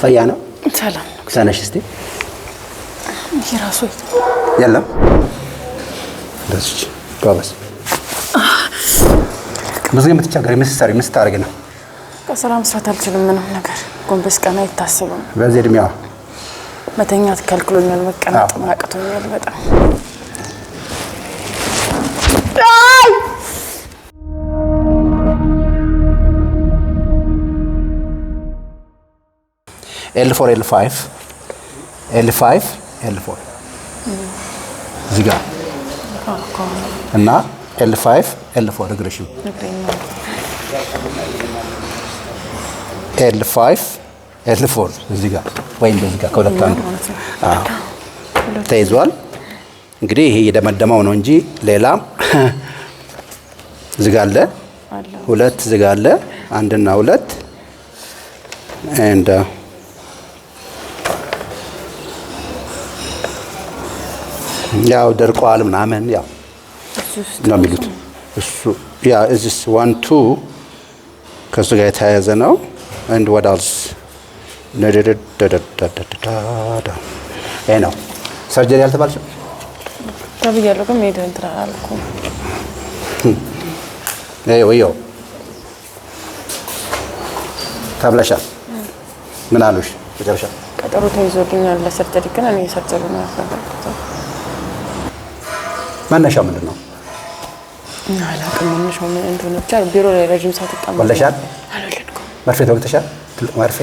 ፈያና ሰላም ክሳነሽ እስቲ ይራሱ የለም ደስች ጋበስ ብዙ የምትቸገሪ ምስሰሪ ምስታርግ ነው። ከስራ መስራት አልችልም። ምንም ነገር ጎንበስ ቀና አይታሰብም። በዚህ እድሜዋ መተኛት ከልክሎኛል። መቀመጥ አቅቶኛል በጣም ኤል ፎር ኤል ፋይቭ ኤል ፋይቭ ኤል ፎር እዚህ ጋር እና ኤል ፋይቭ ኤል ፎር ሪግሬሽን ኤል ፋይቭ ኤል ፎር እዚህ ጋር ወይም በዚህ ጋር ከሁለት አንዱ ተይዟል። እንግዲህ ይሄ የደመደመው ነው እንጂ ሌላም ዝጋ ጋር አለ ሁለት እዚህ አለ አንድና ሁለት uh, ያው ደርቀዋል ምናምን ያው ነው የሚሉት። እሱ ያ እዚስ ዋን ቱ ከእሱ ጋር የተያያዘ ነው። አንድ ወዳልስ ነው ሰርጀሪ አልተባልሽም ተብያለሁ፣ ግን ሄደ እንትን አላልኩም። ወየው ተብለሻል። ምን አሉሽ መጨረሻ? ቀጠሮ ተይዞልኛል ለሰርጀሪ፣ ግን እኔ ሰርጀሪ ነው ያልፈለኩት። መነሻው ምንድን ነው? ቢሮ ወለሻል? መርፌ ተወግተሻል? ትልቅ መርፌ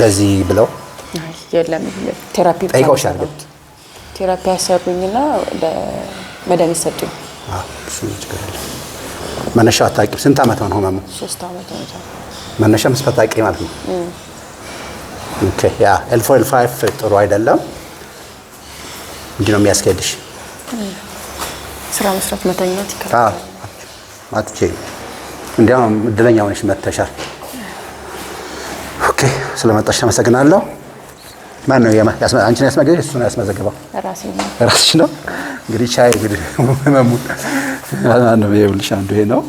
ለዚህ ብለው ቴራፒ ጠይቀውሻል? ቴራፒ ያሰሩኝና መድኃኒት ሰጡኝ። መነሻው አታውቂም? ስንት ዓመት ህመሙ? መነሻ መስፈት አውቂ ማለት ነው። ያ ኤል ፎር ኤል ፋይቭ ጥሩ አይደለም። ምንድን ነው የሚያስኬድሽ? ስራ መስራት መተኛት ይከብዳል። አትቼ እንዲያውም እድለኛ ሆነሽ መተሻል። ኦኬ ስለመጣሽ አመሰግናለሁ። ማን ነው አንቺን ያስመዘገበሽ? እሱ ነው ያስመዘገበው። ራስሽ ነው እንግዲህ። ቻይ እንግዲህ መሙ ነው ይኸውልሽ፣ አንዱ ይሄ ነው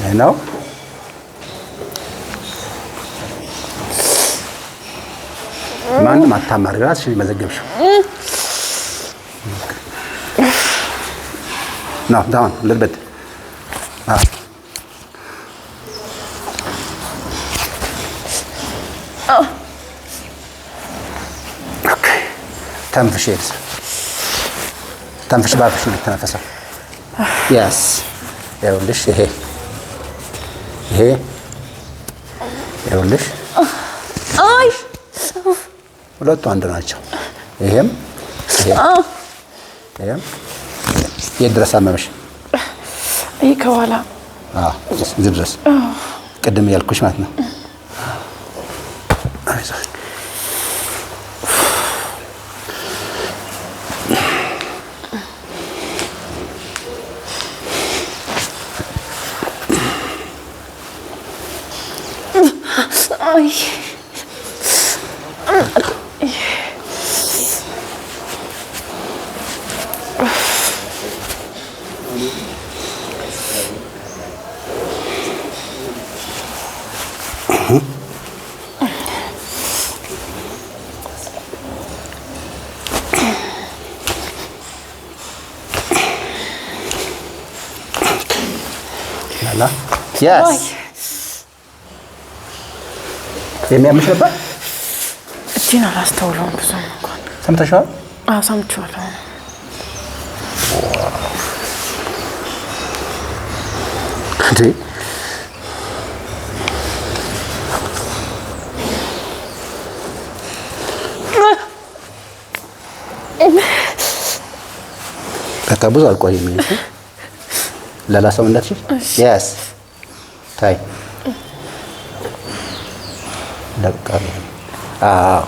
ይሄ ነው ማንም አታማሪ፣ ራስሽን መዘገብሽው ነው። ዳውን ልልበት ተንፍሽ፣ ኤልሳ ተንፍሽ፣ ባፍሽ ልትነፈሰው። ያስ ይኸውልሽ፣ ይሄ ይሄ ይኸውልሽ ሁለቱ አንድ ናቸው። ይሄም ይሄም የት ድረስ አመመሽ? ይህ ከኋላ እዚህ ድረስ ቅድም ያልኩሽ ማለት ነው። የሚያምሽ ነበር። እጅን አላስተውለውም ብዙ እንኳን ሰምተሻል? አዎ ሰምቼዋለሁ። እንዴ ለካ ብዙ አልቆየም። ላላሰው እንዳትችል ያስ thầy đất à,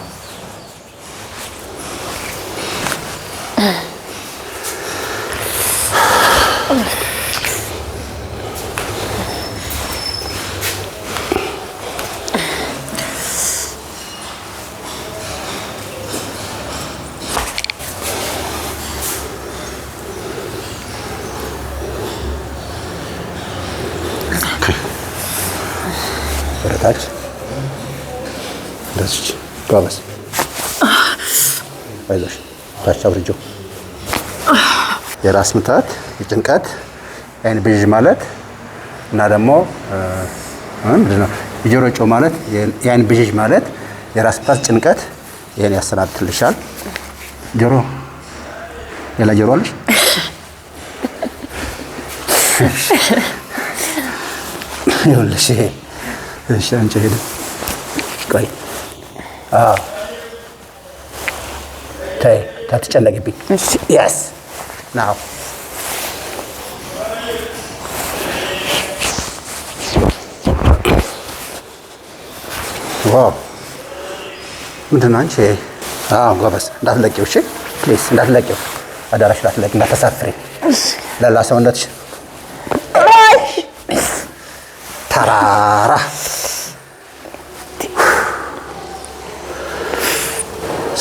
ታች እንደዚህ ጎበዝ፣ አይዞሽ፣ ታች አብርጆ የራስ ምታት፣ የጭንቀት አይን ብዥ ማለት እና ደግሞ ምንድን ነው የጆሮ ጮ ማለት የአይን ብዥ ማለት የራስ ምታት፣ ጭንቀት ይሄን ያሰናብትልሻል። ጆሮ ሌላ ጆሮ አለሽ? ይኸውልሽ ይሄ እሺ አንቺ ሄደ ቆይ አዎ ተይ ታትጨነቅብኝ እሺ ያስ ናው ዋው ምንድን ነው አንቺ ጎበዝ እንዳትለቂው እሺ ፕሊዝ እንዳትለቂው አዳራሽ እንዳትለቂ እንዳታሳፍሪ ለላ ሰውነትሽ ተራራ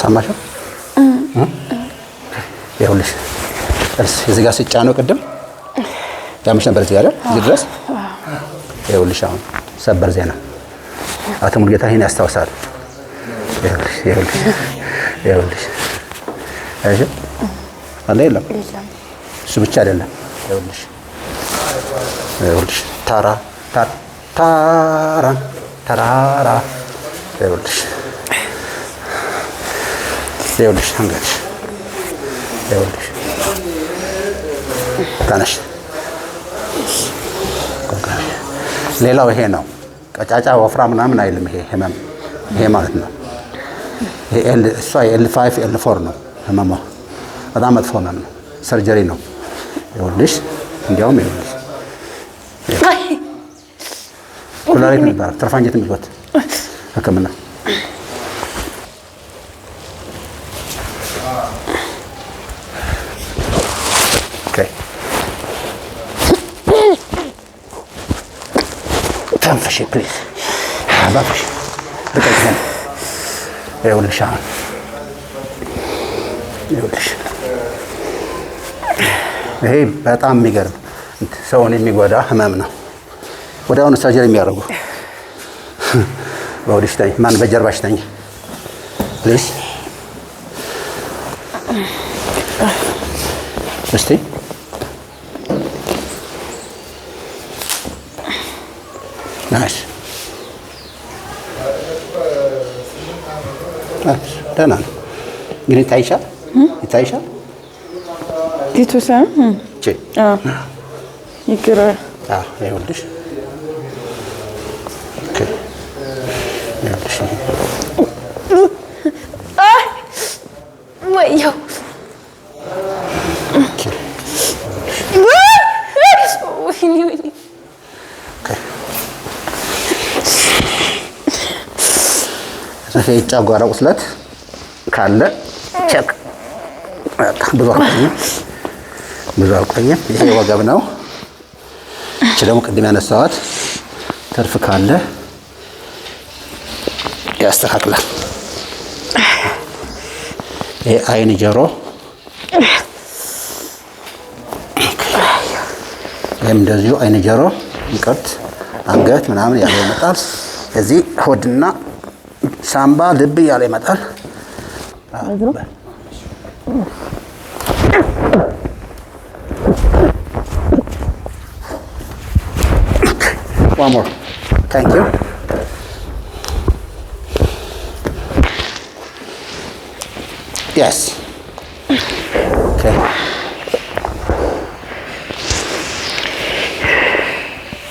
ሰማሽው? ይኸውልሽ እዚህ ጋር ነው ቅድም ያምሽ ነበር እዚህ ጋር እዚህ ድረስ። ይኸውልሽ አሁን ሰበር ዜና አቶ ሙሉጌታ ይሄን ያስታውሳል። ይኸውልሽ ይኸውልሽ ይኸውልሽ አይሽ አለ የለም እሱ ብቻ አይደለም። ይኸውልሽ ይኸውልሽ ታራ ታራ ታራ ይኸውልሽ ይኸውልሽ አንገት ይኸውልሽ ተነሽ። ሌላው ይሄ ነው። ቀጫጫ ወፍራ ምናምን አይልም። ይሄ ህመም ይሄ ማለት ነው። እሷ የኤል ፋይቭ ኤል ፎር ነው ህመሟ። በጣም መጥፎ ህመም ነው። ሰርጀሪ ነው። ይኸውልሽ እንዲያውም ይኸውልሽ ኩላሊት ነበር ትርፋንጀት የሚሉት ህክምና ተንፈሽ ፕሊዝ ባሽ ርቀን ይኸውልሽ አሁን ይኸውልሽ ይሄ በጣም የሚገርም ሰውን የሚጎዳ ህመም ነው። ወደ አሁኑ ሰርጀሪ የሚያደርጉ በወዲሽ ተኝ ማን በጀርባሽ ተኝ ፕሊዝ እስቲ ደህና ነው። ግን ይታይሻል ይታይሻል ጌቱ ሰ ይግረ ይኸውልሽ የጨጓራ ቁስለት ካለ ቸክ። ብዙ አልቆየም፣ ብዙ አልቆየም። ይሄ ወገብ ነው። እቺ ደግሞ ቅድም ያነሳዋት ትርፍ ካለ ያስተካክላል። ይሄ አይን፣ ጆሮ፣ ይህም እንደዚሁ አይን፣ ጆሮ፣ ይቅርት አንገት ምናምን ያለው ይመጣል። እዚህ ሆድና Samba संवाद बिहाले Madan One more. Thank you. Yes. Okay.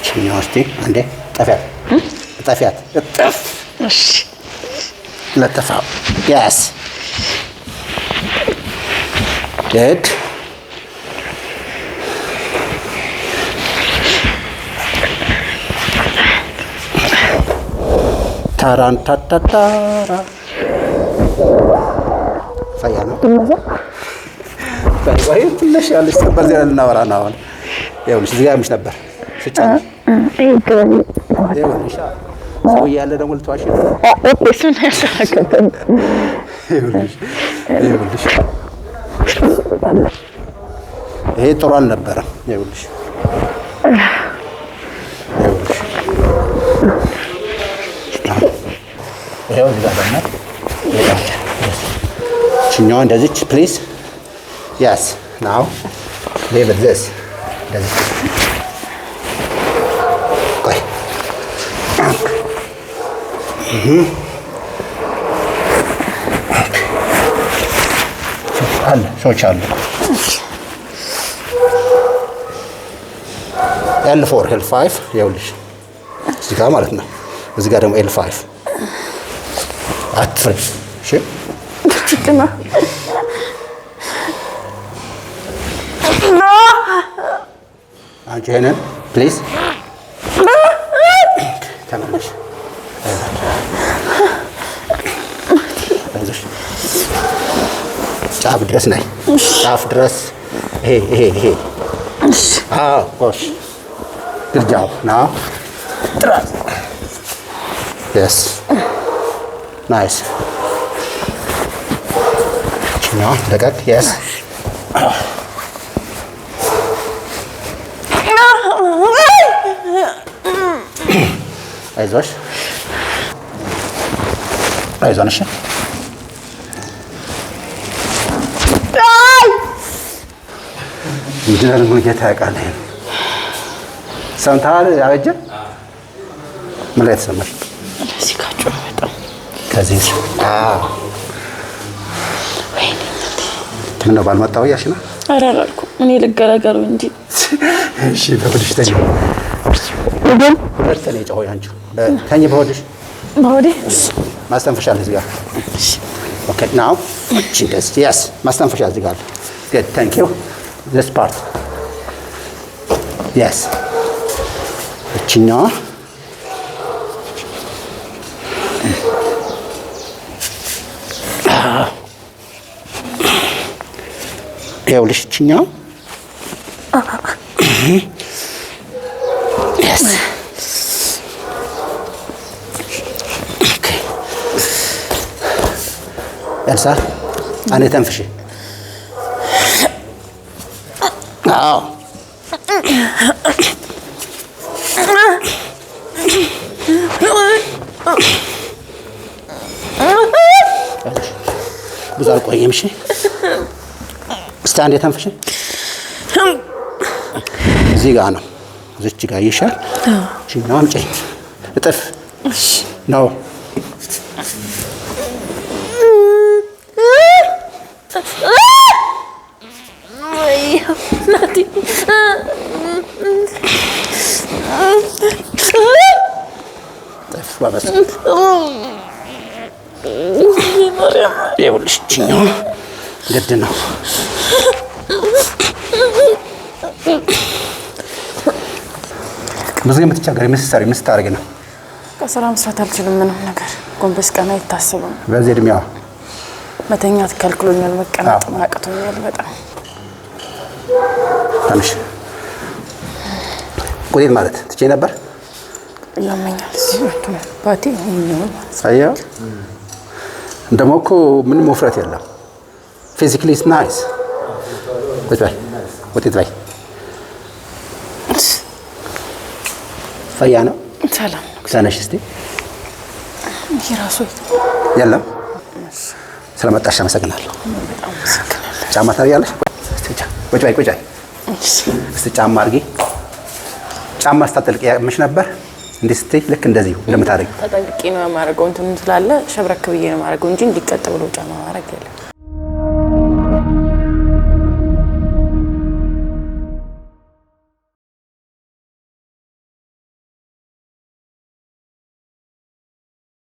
Şimdi açtık. Hadi. Tafiyat. Hı? Tafiyat. Tafiyat. لا تفعل يأس جيد تاران تا تا تارا فيانا فيانا طيب، وهي تلاش يعني استقبل زي النور انا يا ولد زي مش نبر شو تعمل؟ اي كمان اي ان شاء الله ሰው እያለ ደግሞ ልትዋሽ ነው። ይሄ ጥሩ አልነበረም። ይኸውልሽ ይኸውልሽ እንደዚች ፕሊዝ ያስ ናው ሌቭል ዚስ እንደዚች አለ ሰዎች አሉ። ኤል ፎር ኤል ፋይቭ ይኸውልሽ እዚህ ጋር ማለት ነው። እዚህ ጋር ደግሞ ኤል ፋይቭ አትፍሪ። እሺ አንቺ ይሄንን ፕሊዝ ተመለሽ ጫፍ ድረስ ነይ፣ ጫፍ ድረስ ይሄ ይሄ ይሄ። ናይስ። ደቀቅ። የስ አይዞሽ፣ አይዞን። ይችላል ነው ጌታ ያውቃል። ሰምተሃል? አበጀ ምን ላይ ተሰማሽ? እዚህ ጋር ጮህ በጣም ከዚህ አዎ፣ ምን ነው ባልመጣሁ እያልሽ ነው? ኧረ አላልኩም እኔ ልገላገሉ እንጂ። እሺ በሆድሽ ተኝ፣ ግን ሁለት ተለይ ጮህ አንቺ ተኝ፣ በሆድሽ በሆዴ ማስተንፈሻ አለ እዚህ ጋር። ኦኬ ናው እቺ ደስ ያስ ማስተንፈሻ እዚህ ጋር አለ። ጉድ this part. Yes. But you know. ይኸውልሽ እችኛው ኤልሳ፣ አኔ ተንፍሼ አዎ ብዙ አልቆየም። እሺ እስቲ አንዴ ተንፍሽ። እዚህ ጋር ነው፣ እዚች ጋር ይሻል። እሺ ነው አምጪኝ እጥፍ ነው ይኸውልሽ ይችኛው ግድ ነው። ብዙ የምትቸገሪ ምስሰሪ ምስታደርግ ነው። ከስራ መስራት አልችልም። ምንም ነገር ጎንበስ ቀና አይታሰብም። በዚህ እድሜዋ መተኛት ከልክሎኛል። መቀመጥ አቅቶኛል በጣም ትንሽ። ቁጤት ማለት ትቼ ነበር ያመኛል። ባቴ እኮ ምንም ውፍረት የለም። ፊዚካሊ ኢዝ ናይስ። ቁጭ በይ ውጤት በይ ፈያ ነው። ሰላም ተነሽ። እስቲ የለም። ስለመጣሽ አመሰግናለሁ። ጫማ ታደርጊያለሽ? ቁጭ በይ ቁጭ በይ። እስቲ ጫማ አድርጊ። ጫማ ስታጠልቅ ያምሽ ነበር። እንዲህ ስትይ ልክ እንደዚሁ እንደምታደርጊው ተጠንቅቄ ነው የማደርገው። እንትን ስላለ ሸብረክ ብዬ ነው የማደርገው እንጂ እንዲቀጥ ብሎ ጫማ ማድረግ የለም።